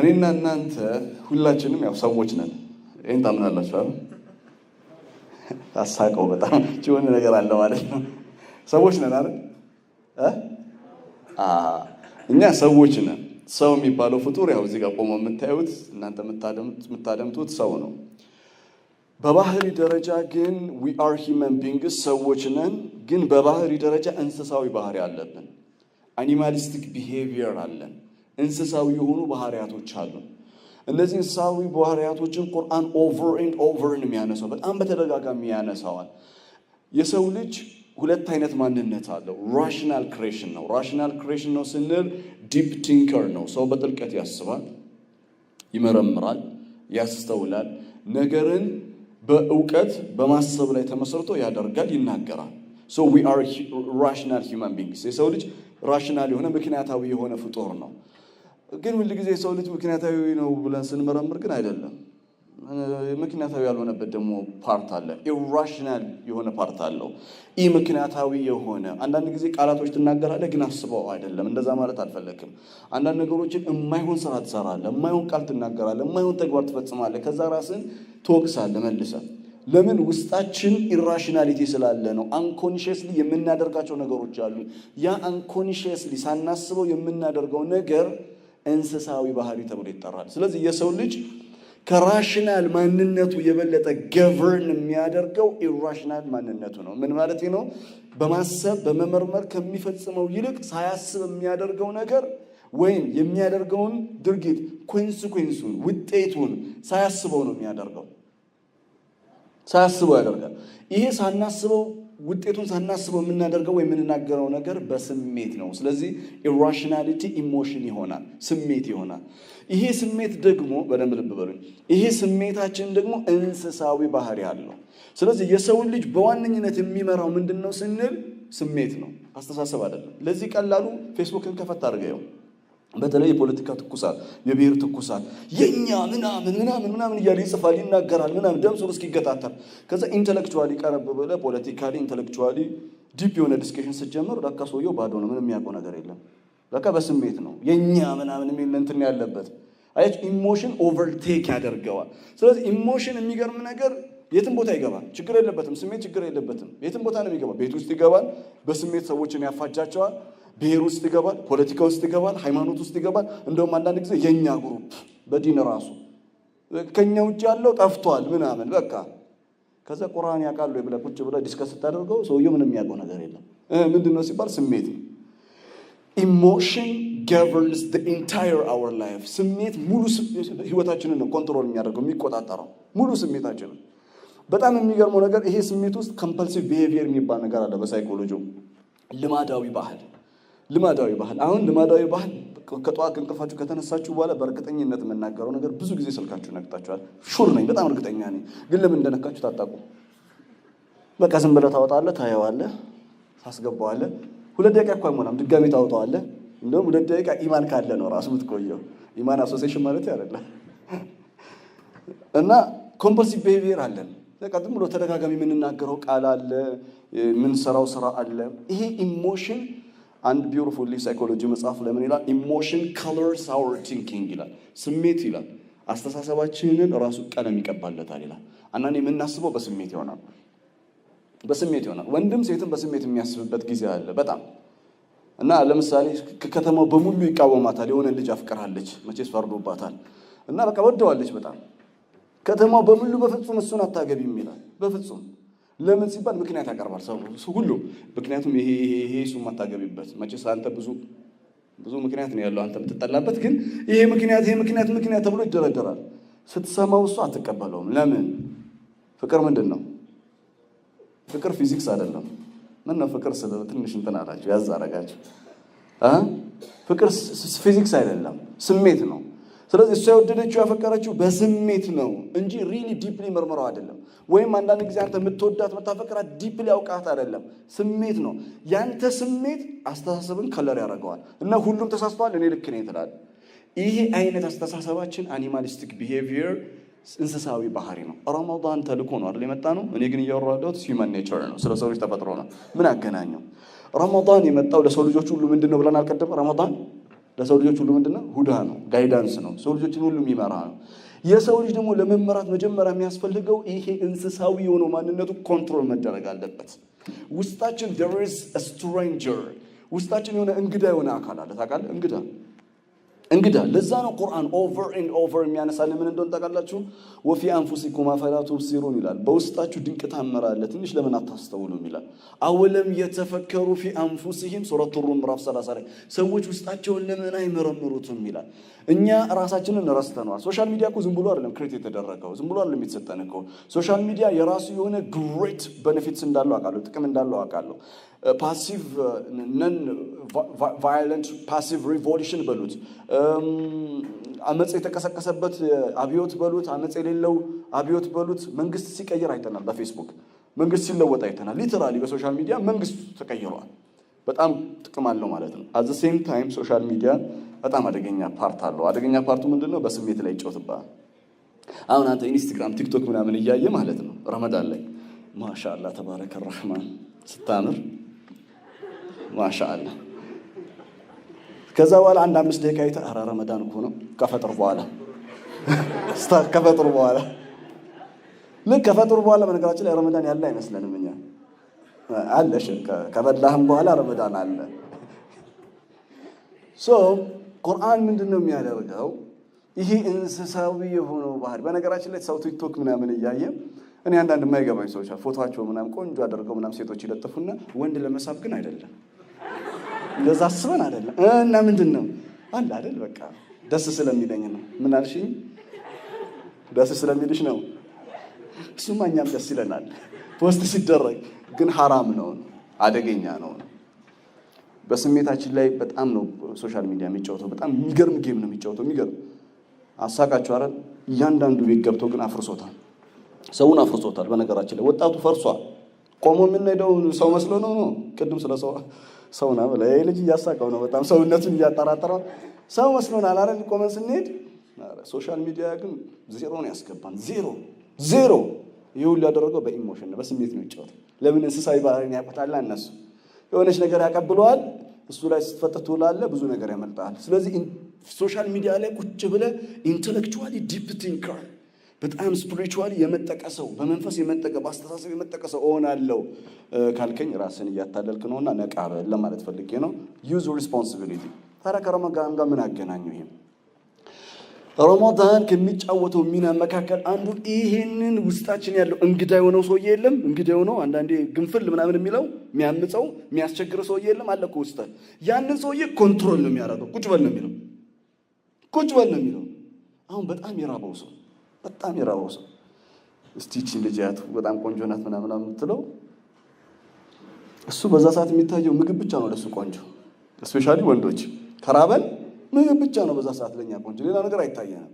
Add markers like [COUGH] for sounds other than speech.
እኔና እናንተ ሁላችንም ያው ሰዎች ነን። ይህን ታምናላችሁ አይደል? ታሳቀው በጣም ጭሆን ነገር አለ ማለት ነው። ሰዎች ነን አይደል? እኛ ሰዎች ነን። ሰው የሚባለው ፍጡር ያው እዚህ ጋር ቆሞ የምታዩት እናንተ የምታደምጡት ሰው ነው። በባህሪ ደረጃ ግን ዊ አር ሂመን ቢንግስ ሰዎች ነን። ግን በባህሪ ደረጃ እንስሳዊ ባህሪ አለብን። አኒማሊስቲክ ቢሄቪየር አለን። እንስሳዊ የሆኑ ባህሪያቶች አሉ። እነዚህ እንስሳዊ ባህርያቶችን ቁርአን ኦቨር ኤንድ ኦቨርን የሚያነሳው በጣም በተደጋጋሚ ያነሳዋል። የሰው ልጅ ሁለት አይነት ማንነት አለው። ራሽናል ክሬሽን ነው። ራሽናል ክሬሽን ነው ስንል ዲፕ ቲንከር ነው። ሰው በጥልቀት ያስባል፣ ይመረምራል፣ ያስተውላል። ነገርን በእውቀት በማሰብ ላይ ተመስርቶ ያደርጋል፣ ይናገራል። ሶ ዊ አር ራሽናል ሂውማን ቢንግስ። የሰው ልጅ ራሽናል የሆነ ምክንያታዊ የሆነ ፍጡር ነው። ግን ሁልጊዜ የሰው ልጅ ምክንያታዊ ነው ብለን ስንመረምር ግን አይደለም። ምክንያታዊ ያልሆነበት ደግሞ ፓርት አለ። ኢራሽናል የሆነ ፓርት አለው። ይህ ምክንያታዊ የሆነ አንዳንድ ጊዜ ቃላቶች ትናገራለህ፣ ግን አስበው አይደለም። እንደዛ ማለት አልፈለግም። አንዳንድ ነገሮችን የማይሆን ስራ ትሰራለህ፣ የማይሆን ቃል ትናገራለህ፣ የማይሆን ተግባር ትፈጽማለህ። ከዛ ራስን ትወቅሳለህ መልሰህ። ለምን? ውስጣችን ኢራሽናሊቲ ስላለ ነው። አንኮንሽስሊ የምናደርጋቸው ነገሮች አሉ። ያ አንኮንሽስሊ ሳናስበው የምናደርገው ነገር እንስሳዊ ባህሪ ተብሎ ይጠራል። ስለዚህ የሰው ልጅ ከራሽናል ማንነቱ የበለጠ ገቨርን የሚያደርገው ኢራሽናል ማንነቱ ነው። ምን ማለት ነው? በማሰብ በመመርመር ከሚፈጽመው ይልቅ ሳያስብ የሚያደርገው ነገር ወይም የሚያደርገውን ድርጊት ኮንስኮንሱን ውጤቱን ሳያስበው ነው የሚያደርገው። ሳያስበው ያደርጋል። ይሄ ሳናስበው ውጤቱን ሳናስበው የምናደርገው ወይ የምንናገረው ነገር በስሜት ነው። ስለዚህ ኢራሽናሊቲ ኢሞሽን ይሆናል፣ ስሜት ይሆናል። ይሄ ስሜት ደግሞ በደንብ ልብ በሉኝ። ይሄ ስሜታችን ደግሞ እንስሳዊ ባህሪ አለው። ስለዚህ የሰውን ልጅ በዋነኝነት የሚመራው ምንድን ነው ስንል ስሜት ነው፣ አስተሳሰብ አይደለም። ለዚህ ቀላሉ ፌስቡክን ከፈት አድርገው በተለይ የፖለቲካ ትኩሳት፣ የብሔር ትኩሳት የኛ ምናምን ምናምን ምናምን እያለ ይጽፋል፣ ይናገራል፣ ምናምን ደም ስሩ እስኪገታተር። ከዛ ኢንተሌክቹዋሊ ቀረብ ብለህ ፖለቲካሊ ኢንተሌክቹዋሊ ዲፕ የሆነ ዲስከሽን ስትጀምር ለካ ሰውየው ባዶ ነው፣ ምንም የሚያውቀው ነገር የለም። በቃ በስሜት ነው የኛ ምናምን የሚል እንትን ያለበት አየች። ኢሞሽን ኦቨርቴክ ያደርገዋል። ስለዚህ ኢሞሽን የሚገርም ነገር የትም ቦታ ይገባል። ችግር የለበትም። ስሜት ችግር የለበትም። የትም ቦታ ነው የሚገባል። ቤት ውስጥ ይገባል። በስሜት ሰዎችን ያፋጃቸዋል። ብሔር ውስጥ ይገባል። ፖለቲካ ውስጥ ይገባል። ሃይማኖት ውስጥ ይገባል። እንደውም አንዳንድ ጊዜ የእኛ ግሩፕ በዲን ራሱ ከኛ ውጭ ያለው ጠፍቷል ምናምን በቃ ከዛ ቁርአን ያውቃሉ ብለህ ቁጭ ብለህ ዲስከስ ስታደርገው ሰውየው ምንም የሚያውቀው ነገር የለም። ምንድን ነው ሲባል ስሜት ነው። ኢሞሽን ገቨርንስ ኢንታየር አወር ላይፍ። ስሜት ሙሉ ህይወታችንን ነው ኮንትሮል የሚያደርገው የሚቆጣጠረው ሙሉ ስሜታችንን በጣም የሚገርመው ነገር ይሄ ስሜት ውስጥ ኮምፐልሲቭ ቢሄቪየር የሚባል ነገር አለ በሳይኮሎጂ ልማዳዊ ባህል ልማዳዊ ባህል። አሁን ልማዳዊ ባህል ከጠዋት ከእንቅልፋችሁ ከተነሳችሁ በኋላ በእርግጠኝነት የምናገረው ነገር ብዙ ጊዜ ስልካችሁ ነቅጣችኋል። ሹር ነኝ፣ በጣም እርግጠኛ ነኝ። ግን ለምን እንደነካችሁ ታጣቁ። በቃ ዝም ብለህ ታወጣለህ፣ ታየዋለህ፣ ታስገባዋለህ። ሁለት ደቂቃ እኮ አይሞላም፣ ድጋሚ ታወጣዋለህ። እንደውም ሁለት ደቂቃ ኢማን ካለ ነው ራሱ የምትቆየው። ኢማን አሶሴሽን ማለት አይደለም እና ኮምፐልሲቭ ቢሄቪየር አለን በቃ ብሎ ተደጋጋሚ የምንናገረው ቃል አለ፣ የምንሰራው ስራ አለ። ይሄ ኢሞሽን አንድ ቢውቲፉሊ ሳይኮሎጂ መጽሐፍ ለምን ይላል? ኢሞሽን ከለርስ አወር ቲንኪንግ ይላል። ስሜት ይላል አስተሳሰባችንን ራሱ ቀለም ይቀባለታል ይላል። አንዳንድ የምናስበው በስሜት ይሆናል በስሜት ይሆናል። ወንድም ሴትም በስሜት የሚያስብበት ጊዜ አለ በጣም እና ለምሳሌ ከተማው በሙሉ ይቃወማታል። የሆነ ልጅ አፍቅራለች መቼስ ፈርዶባታል እና በቃ ወደዋለች በጣም ከተማው በሙሉ በፍጹም እሱን አታገቢም ይላል። በፍጹም ለምን ሲባል ምክንያት ያቀርባል ሰው ሁሉ። ምክንያቱም ይሄ ይሄ እሱ የማታገቢበት መቼስ አንተ ብዙ ብዙ ምክንያት ነው ያለው አንተ የምትጠላበት፣ ግን ይሄ ምክንያት ይሄ ምክንያት ምክንያት ተብሎ ይደረደራል። ስትሰማው እሱ አትቀበለውም። ለምን? ፍቅር ምንድን ነው? ፍቅር ፊዚክስ አይደለም። ምን ነው ፍቅር ስለ ትንሽ እንትን አላችሁ ያዝ አረጋችሁ። ፍቅር ፊዚክስ አይደለም፣ ስሜት ነው። ስለዚህ እሷ የወደደችው ያፈቀረችው በስሜት ነው እንጂ ሪሊ ዲፕሊ መርምረው አይደለም። ወይም አንዳንድ ጊዜ አንተ የምትወዳት የምታፈቅራት ዲፕሊ አውቃት አይደለም፣ ስሜት ነው። ያንተ ስሜት አስተሳሰብን ከለር ያደርገዋል እና ሁሉም ተሳስተዋል፣ እኔ ልክ ነኝ ትላል። ይሄ አይነት አስተሳሰባችን አኒማሊስቲክ ቢሄቪየር እንስሳዊ ባህሪ ነው። ረመዳን ተልኮ ነው አይደል የመጣ ነው። እኔ ግን እያወራሁ ሂውማን ኔቸር ነው፣ ስለ ሰው ልጅ ተፈጥሮ ነው። ምን አገናኘው? ረመዳን የመጣው ለሰው ልጆች ሁሉ ምንድን ነው ብለን አልቀደም ረመዳን ለሰው ልጆች ሁሉ ምንድነው ሁዳ ነው፣ ጋይዳንስ ነው። ሰው ልጆችን ሁሉ የሚመራ ነው። የሰው ልጅ ደግሞ ለመመራት መጀመሪያ የሚያስፈልገው ይሄ እንስሳዊ የሆነው ማንነቱ ኮንትሮል መደረግ አለበት። ውስጣችን there ውስጣችን የሆነ እንግዳ የሆነ አካል አለ። ታውቃለህ እንግዳ እንግዳ ለዛ ነው ቁርአን ኦቨር ኤንድ ኦቨር የሚያነሳልን ምን እንደሆነ ታውቃላችሁ? ወፊ አንፉሲኩም አፈላ ቱብሲሩን ይላል። በውስጣችሁ ድንቅ ታምር አለ ትንሽ ለምን አታስተውሉም ይላል። አወለም የተፈከሩ ፊ አንፉሲሂም ሱረቱ ሩም ምዕራፍ 30 ላይ ሰዎች ውስጣቸውን ለምን አይመረምሩትም ይላል። እኛ ራሳችንን ረስተነዋል። ሶሻል ሚዲያ እኮ ዝም ብሎ አይደለም ክሬት የተደረገው ዝም ብሎ አይደለም የተሰጠን እኮ ሶሻል ሚዲያ የራሱ የሆነ ግሬት በነፊትስ እንዳለው አውቃለሁ፣ ጥቅም እንዳለው አውቃለሁ። ፓሲቭ ነን ቫዮለንት ፓሲቭ ሪቮሉሽን በሉት፣ አመፅ የተቀሰቀሰበት አብዮት በሉት፣ አመፅ የሌለው አብዮት በሉት። መንግስት ሲቀይር አይተናል። በፌስቡክ መንግስት ሲለወጥ አይተናል። ሊተራሊ በሶሻል ሚዲያ መንግስት ተቀይሯል። በጣም ጥቅም አለው ማለት ነው። አዘ ሴም ታይም ሶሻል ሚዲያ በጣም አደገኛ ፓርት አለው። አደገኛ ፓርቱ ምንድን ነው? በስሜት ላይ ይጮትባል አሁን አንተ ኢንስታግራም፣ ቲክቶክ ምናምን እያየ ማለት ነው ረመዳን ላይ ማሻላ ተባረከ ራህማን ስታምር ማሻአላ። ከዛ በኋላ አንድ አምስት ደቂቃ ይተ ኧረ ረመዳን እኮ ነው ከፈጥር በኋላ [LAUGHS] ከፈጥር በኋላ [LAUGHS] ልክ ከፈጥር በኋላ በነገራችን ላይ ረመዳን ያለ አይመስለንም እኛ አለ ከበላህም በኋላ ረመዳን አለ። [LAUGHS] ሶ ቁርአን ምንድን ነው የሚያደርገው? ይሄ እንስሳዊ የሆነው ባህሪ በነገራችን ላይ ሰው ቲክቶክ ምናምን እያየ እኔ አንዳንድ የማይገባኝ ሰዎች ፎቶቸው ምናምን ቆንጆ አደርገው ምናምን ሴቶች ይለጥፉና ወንድ ለመሳብ ግን አይደለም እንደዛ አስበን አይደለም። እና ምንድን ነው አለ አይደል? በቃ ደስ ስለሚለኝ ነው። ምን አልሽኝ? ደስ ስለሚልሽ ነው። እሱማ እኛም ደስ ይለናል። ፖስት ሲደረግ ግን ሀራም ነው፣ አደገኛ ነው። በስሜታችን ላይ በጣም ነው ሶሻል ሚዲያ የሚጫወተው። በጣም የሚገርም ጌም ነው የሚጫወተው። የሚገርም አሳቃችሁ አረን። እያንዳንዱ ቤት ገብተው ግን አፍርሶታል፣ ሰውን አፍርሶታል። በነገራችን ላይ ወጣቱ ፈርሷል። ቆሞ የምንሄደው ሰው መስሎ ነው ነው ቅድም ስለ ሰው ሰው ነው ብለ ይሄ ልጅ እያሳቀው ነው በጣም ሰውነቱን እያጠራጠረው ሰው መስሎናል አይደል? ቆመን ስንሄድ ሶሻል ሚዲያ ግን ዜሮ ነው ያስገባን። ዜሮ ዜሮ። ይህ ሁሉ ያደረገው በኢሞሽን ነው፣ በስሜት ነው ይጫወት ለምን እንስሳዊ ባህሪን ያውቁታል እነሱ። የሆነች ነገር ያቀብለዋል፣ እሱ ላይ ስትፈጥር ትውላለህ፣ ብዙ ነገር ያመልጣል። ስለዚህ ሶሻል ሚዲያ ላይ ቁጭ ብለ ኢንተሌክቹዋሊ ዲፕ ቲንከር በጣም ስፒሪቹዋሊ የመጠቀ ሰው በመንፈስ የመጠቀ በአስተሳሰብ የመጠቀ ሰው እሆናለሁ ካልከኝ ራስን እያታለልክ ነውና ነቃ በል ለማለት ፈልጌ ነው። ዩዝ ሪስፖንሲቢሊቲ። ታዲያ ከረመዳን ጋር ምን አገናኙ? ይሄም ረመዳን ከሚጫወተው ሚና መካከል አንዱ ይሄንን ውስጣችን ያለው እንግዳ የሆነው ሰውዬ የለም። እንግዳ የሆነው አንዳንዴ ግንፍል ምናምን የሚለው የሚያምፀው የሚያስቸግረው ሰውዬ የለም አለ እኮ ውስጥ። ያንን ሰውዬ ኮንትሮል ነው የሚያደርገው። ቁጭ በል ነው የሚለው ቁጭ በል ነው የሚለው። አሁን በጣም የራበው ሰው በጣም የራበው ሰው እስቲ ይቺን ልጅ በጣም ቆንጆ ናት ምናምና የምትለው እሱ በዛ ሰዓት የሚታየው ምግብ ብቻ ነው ለሱ ቆንጆ። እስፔሻሊ ወንዶች ከራበን ምግብ ብቻ ነው በዛ ሰዓት ለኛ ቆንጆ፣ ሌላ ነገር አይታየንም።